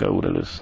Paka először.